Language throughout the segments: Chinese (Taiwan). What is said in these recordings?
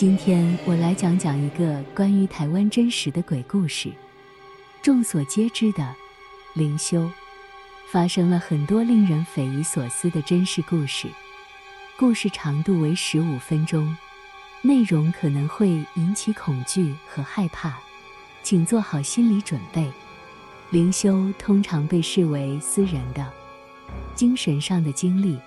今天我來講講一個關於台灣真實的鬼故事。眾所皆知的靈修，發生了很多令人匪夷所思的真實故事。故事長度為十五分鐘，內容可能會引起恐懼和害怕，請做好心理準備。靈修通常被視為私人的、精神上的經歷。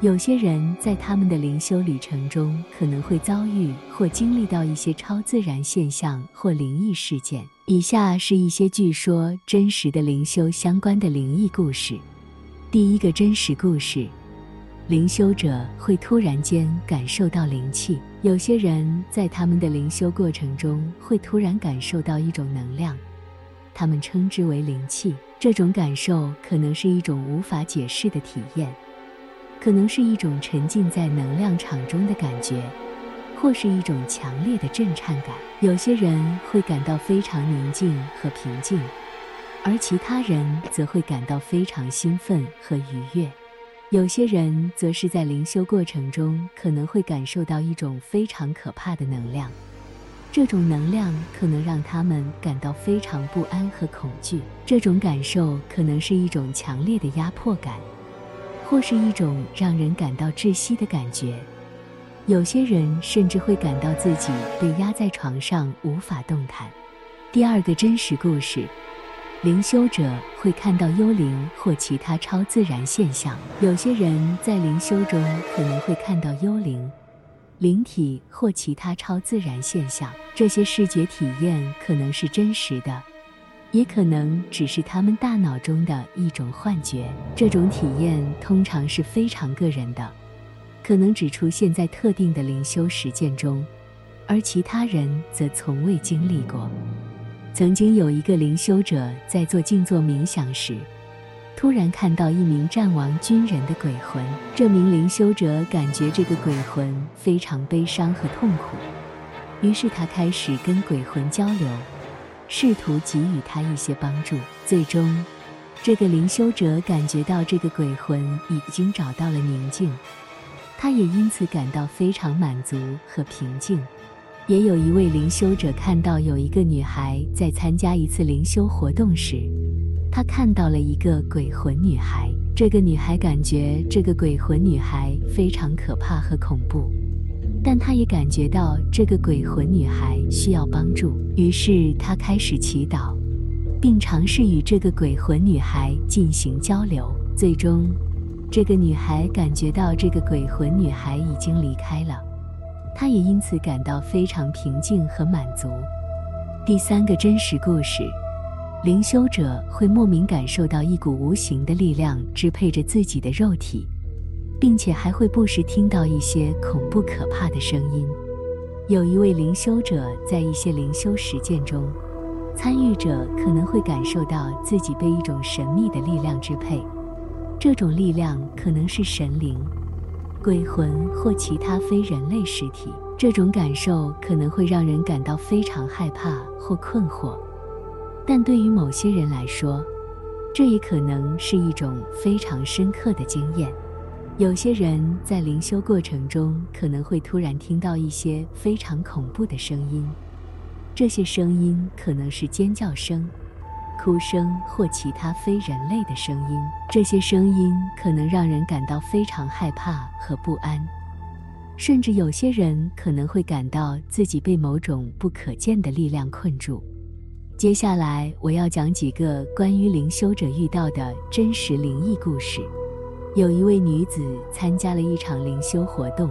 有些人在他們的靈修旅程中可能會遭遇或經歷到一些超自然現象或靈異事件。以下是一些據說真實的靈修相關的靈異故事。第一個真實故事：靈修者會突然間感受到靈氣。有些人在他們的靈修過程中會突然感受到一種能量，他們稱之為靈氣。這種感受可能是一種無法解釋的體驗。可能是一種沉浸在能量場中的感覺，或是一種強烈的震顫感。有些人會感到非常寧靜和平靜，而其他人則會感到非常興奮和愉悅。有些人則是在靈修過程中可能會感受到一種非常可怕的能量，這種能量可能讓他們感到非常不安和恐懼。這種感受可能是一種強烈的壓迫感。或是一種讓人感到窒息的感覺，有些人甚至會感到自己被壓在床上無法動彈。第二個真實故事：靈修者會看到幽靈或其他超自然現象。有些人在靈修中可能會看到幽靈、靈體或其他超自然現象，這些視覺體驗可能是真實的。也可能只是他們大腦中的一種幻覺。這種體驗通常是非常個人的，可能只出現在特定的靈修實踐中，而其他人則從未經歷過。曾經有一個靈修者在做靜坐冥想時，突然看到一名戰亡軍人的鬼魂。這名靈修者感覺這個鬼魂非常悲傷和痛苦，於是他開始跟鬼魂交流。試圖給予他一些幫助，最終，這個靈修者感覺到這個鬼魂已經找到了寧靜，他也因此感到非常滿足和平靜。也有一位靈修者看到有一個女孩在參加一次靈修活動時，他看到了一個鬼魂女孩。這個女孩感覺這個鬼魂女孩非常可怕和恐怖。但他也感覺到這個鬼魂女孩，需要幫助，於是他開始祈禱，並嘗試與這個鬼魂女孩進行交流。最終，這個女孩感覺到這個鬼魂女孩已經離開了，他也因此感到非常平靜和滿足。第三個真實故事：靈修者會莫名感受到一股無形的力量支配着自己的肉體。並且還會不時聽到一些恐怖可怕的聲音。有一位靈修者，在一些靈修實踐中，參與者可能會感受到自己被一種神秘的力量支配，這種力量可能是神靈、鬼魂或其他非人類實體。這種感受可能會讓人感到非常害怕或困惑，但對於某些人來說，這也可能是一種非常深刻的經驗。有些人在靈修過程中可能會突然聽到一些非常恐怖的聲音，這些聲音可能是尖叫聲、哭聲或其他非人類的聲音。這些聲音可能讓人感到非常害怕和不安，甚至有些人可能會感到自己被某種不可見的力量困住。接下來我要講幾個關於靈修者遇到的真實靈異故事。有一位女子參加了一場靈修活動，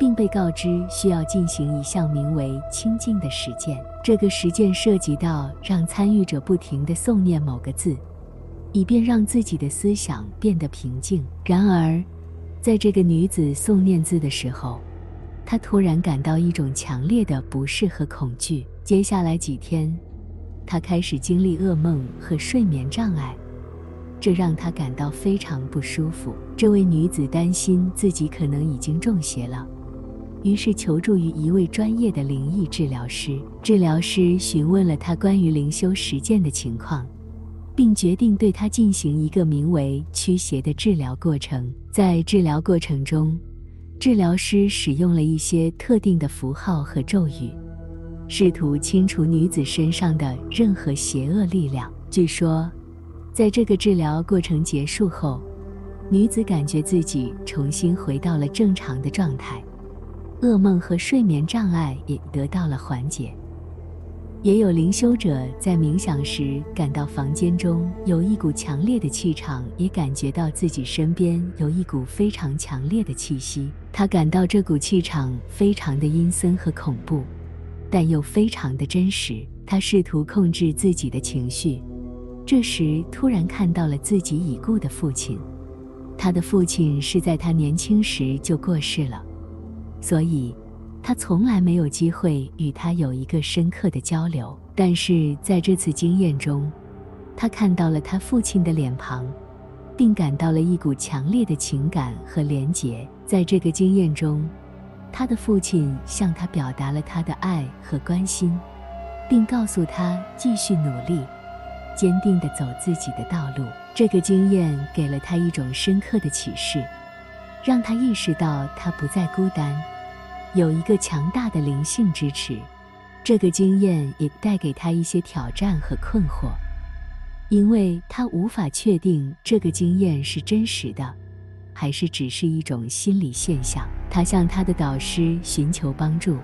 並被告知需要進行一項名為“清靜”的實踐。這個實踐涉及到讓參與者不停地誦念某個字，以便讓自己的思想變得平靜。然而，在這個女子誦念字的時候，她突然感到一種強烈的不適和恐懼。接下來幾天，她開始經歷噩夢和睡眠障礙。這讓她感到非常不舒服。這位女子擔心自己可能已經中邪了，於是求助於一位專業的靈異治療師。治療師詢問了她關於靈修實踐的情況，並決定對她進行一個名為“驅邪”的治療過程。在治療過程中，治療師使用了一些特定的符號和咒語，試圖清除女子身上的任何邪惡力量。據說，在這個治療過程結束後，女子感覺自己重新回到了正常的狀態，噩夢和睡眠障礙也得到了緩解。也有靈修者在冥想時感到房間中有一股強烈的氣場，也感覺到自己身邊有一股非常強烈的氣息。他感到這股氣場非常的陰森和恐怖，但又非常的真實。他試圖控制自己的情緒。這時，突然看到了自己已故的父親。他的父親是在他年輕時就過世了，所以他從來沒有機會與他有一個深刻的交流。但是在這次經驗中，他看到了他父親的臉龐，並感到了一股強烈的情感和連結。在這個經驗中，他的父親向他表達了他的愛和關心，並告訴他繼續努力。堅定地走自己的道路。這個經驗給了他一種深刻的啟示，讓他意識到他不再孤單，有一個強大的靈性支持。這個經驗也帶給他一些挑戰和困惑，因為他無法確定這個經驗是真實的，還是只是一種心理現象。他向他的導師尋求幫助。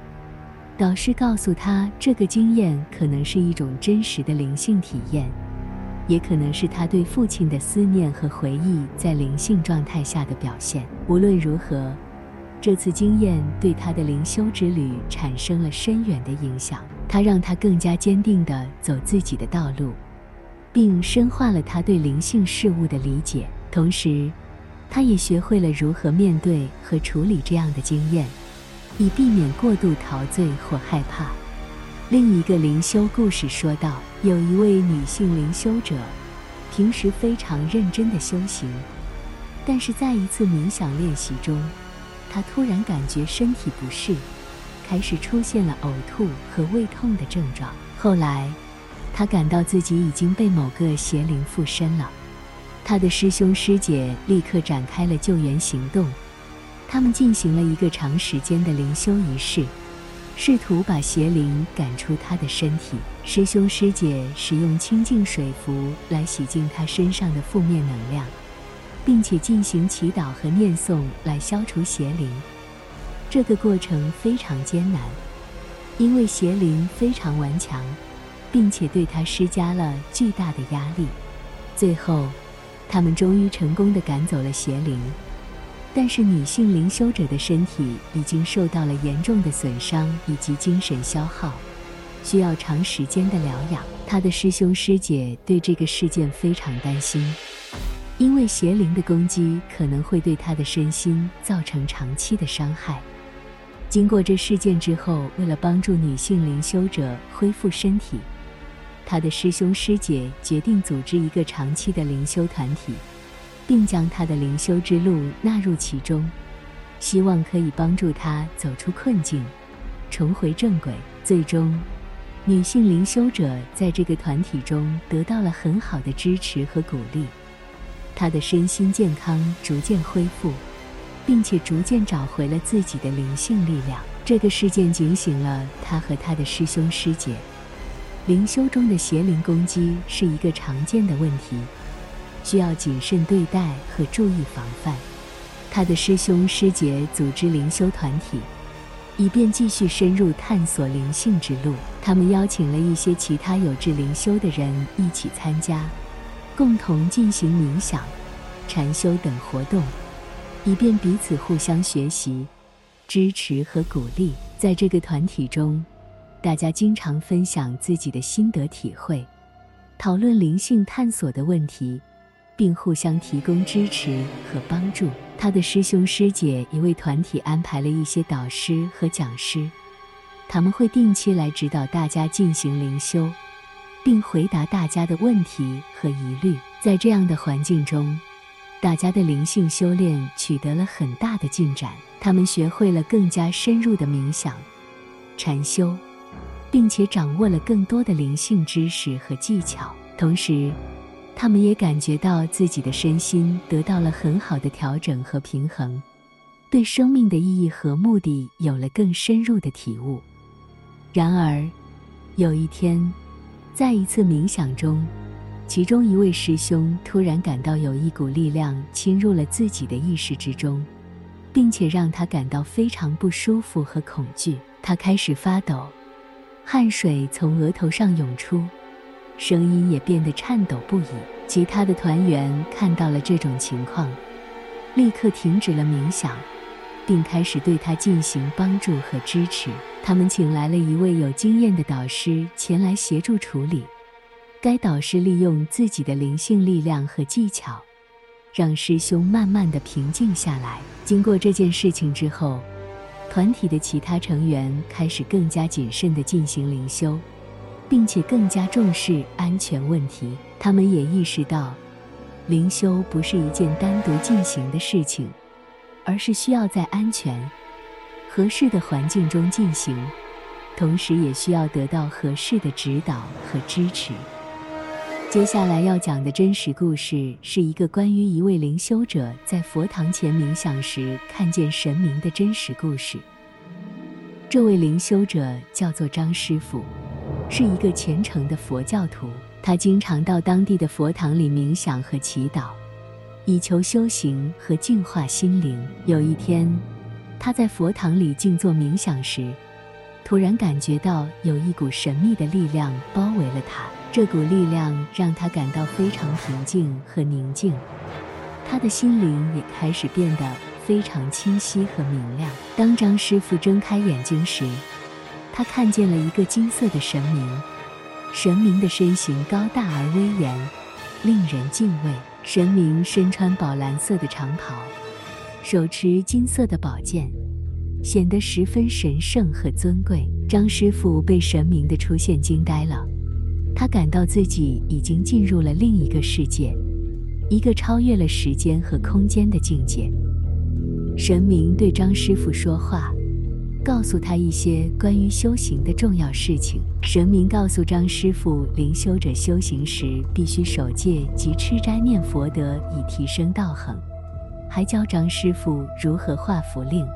導師告訴他，這個經驗可能是一種真實的靈性體驗，也可能是他對父親的思念和回憶在靈性狀態下的表現。無論如何，這次經驗對他的靈修之旅產生了深遠的影響。它讓他更加堅定地走自己的道路，並深化了他對靈性事物的理解。同時，他也學會了如何面對和處理這樣的經驗。以避免過度陶醉或害怕。另一個靈修故事說道：有一位女性靈修者，平時非常認真的修行，但是在一次冥想練習中，她突然感覺身體不適，開始出現了嘔吐和胃痛的症狀。後來，她感到自己已經被某個邪靈附身了。她的師兄師姐立刻展開了救援行動。他們進行了一個長時間的靈修儀式，試圖把邪靈趕出他的身體。師兄師姐使用清淨水符來洗淨他身上的負面能量，並且進行祈禱和念誦來消除邪靈。這個過程非常艱難，因為邪靈非常頑強，並且對他施加了巨大的壓力。最後，他們終於成功地趕走了邪靈。但是，女性靈修者的身體已經受到了嚴重的損傷以及精神消耗，需要長時間的療養。她的師兄師姐對這個事件非常擔心，因為邪靈的攻擊可能會對她的身心造成長期的傷害。經過這事件之後，為了幫助女性靈修者恢復身體，她的師兄師姐決定組織一個長期的靈修團體。並將她的靈修之路納入其中，希望可以幫助她走出困境，重回正軌。最終，女性靈修者在這個團體中得到了很好的支持和鼓勵，她的身心健康逐漸恢復，並且逐漸找回了自己的靈性力量。這個事件警醒了她和她的師兄師姐，靈修中的邪靈攻擊是一個常見的問題，需要謹慎對待和注意防範。他的師兄師姐組織靈修團體，以便繼續深入探索靈性之路。他們邀請了一些其他有志靈修的人一起參加，共同進行冥想、禪修等活動，以便彼此互相學習、支持和鼓勵。在這個團體中，大家經常分享自己的心得體會，討論靈性探索的問題。並互相提供支持和幫助。他的師兄師姐也為團體安排了一些導師和講師，他們會定期來指導大家進行靈修，並回答大家的問題和疑慮。在這樣的環境中，大家的靈性修煉取得了很大的進展。他們學會了更加深入的冥想、禪修，並且掌握了更多的靈性知識和技巧。同時，他們也感覺到自己的身心得到了很好的調整和平衡，對生命的意義和目的有了更深入的體悟。然而，有一天，在一次冥想中，其中一位師兄突然感到有一股力量侵入了自己的意識之中，並且讓他感到非常不舒服和恐懼。他開始發抖，汗水從額頭上湧出。聲音也變得顫抖不已。其他的團員看到了這種情況，立刻停止了冥想，並開始對他進行幫助和支持。他們請來了一位有經驗的導師前來協助處理。該導師利用自己的靈性力量和技巧，讓師兄慢慢地平靜下來。經過這件事情之後，團體的其他成員開始更加謹慎地進行靈修，並且更加重視安全問題。他們也意識到，靈修不是一件單獨進行的事情，而是需要在安全、合適的環境中進行，同時也需要得到合適的指導和支持。接下來要講的真實故事是一個關於一位靈修者在佛堂前冥想時看見神明的真實故事。這位靈修者叫做張師傅。是一個虔誠的佛教徒，他經常到當地的佛堂裡冥想和祈禱，以求修行和淨化心靈。有一天，他在佛堂裡靜坐冥想時，突然感覺到有一股神秘的力量包圍了他。這股力量讓他感到非常平靜和寧靜，他的心靈也開始變得非常清晰和明亮。當張師傅睜開眼睛時，他看見了一個金色的神明，神明的身形高大而威嚴，令人敬畏。神明身穿寶藍色的長袍，手持金色的寶劍，顯得十分神聖和尊貴。張師傅被神明的出現驚呆了，他感到自己已經進入了另一個世界，一個超越了時間和空間的境界。神明對張師傅說話。告訴他一些關於修行的重要事情。神明告訴張師傅，靈修者修行時必須守戒及吃齋念佛，得以提升道行。還教張師傅如何畫符令，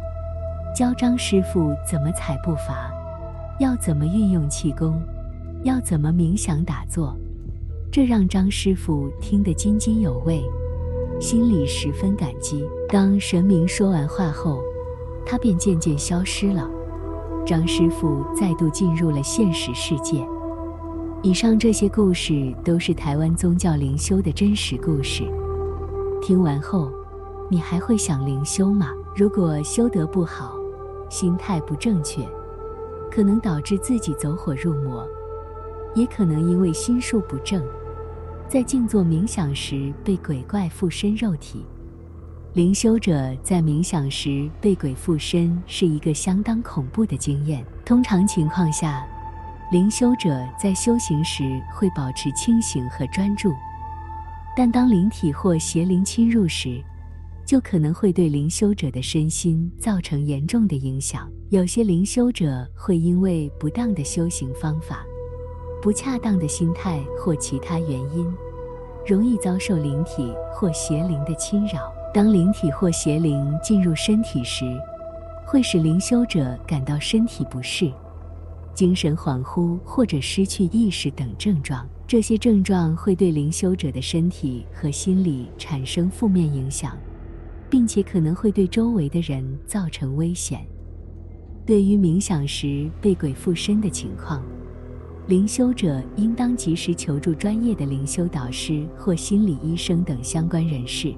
教張師傅怎麼踩步伐，要怎麼運用氣功，要怎麼冥想打坐。這讓張師傅聽得津津有味，心裡十分感激。當神明說完話後。他便漸漸消失了。張師傅再度進入了現實世界。以上這些故事都是台灣宗教靈修的真實故事。聽完後，你還會想靈修嗎？如果修得不好，心態不正確，可能導致自己走火入魔，也可能因為心術不正，在靜坐冥想時被鬼怪附身肉體。靈修者在冥想時被鬼附身是一個相當恐怖的經驗。通常情況下，靈修者在修行時會保持清醒和專注，但當靈體或邪靈侵入時，就可能會對靈修者的身心造成嚴重的影響。有些靈修者會因為不當的修行方法、不恰當的心態或其他原因，容易遭受靈體或邪靈的侵擾。當靈體或邪靈進入身體時，會使靈修者感到身體不適、精神恍惚或者失去意識等症狀。這些症狀會對靈修者的身體和心理產生負面影響，並且可能會對周圍的人造成危險。對於冥想時被鬼附身的情況，靈修者應當及時求助專業的靈修導師或心理醫生等相關人士，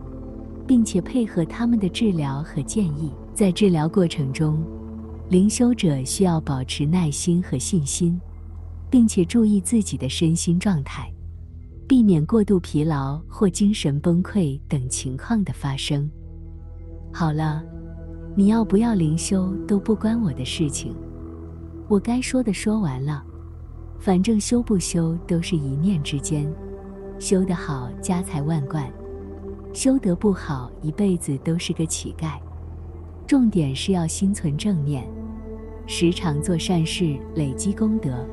並且配合他們的治療和建議。在治療過程中，靈修者需要保持耐心和信心，並且注意自己的身心狀態，避免過度疲勞或精神崩潰等情況的發生。好了，你要不要靈修都不關我的事情，我該說的說完了，反正修不修都是一念之間，修得好，家財萬貫。修得不好，一輩子都是個乞丐。重點是要心存正念，時常做善事，累積功德，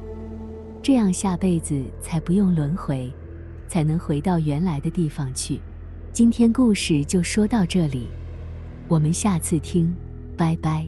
這樣下輩子才不用輪回，才能回到原來的地方去。今天故事就說到這裡，我們下次聽，拜拜。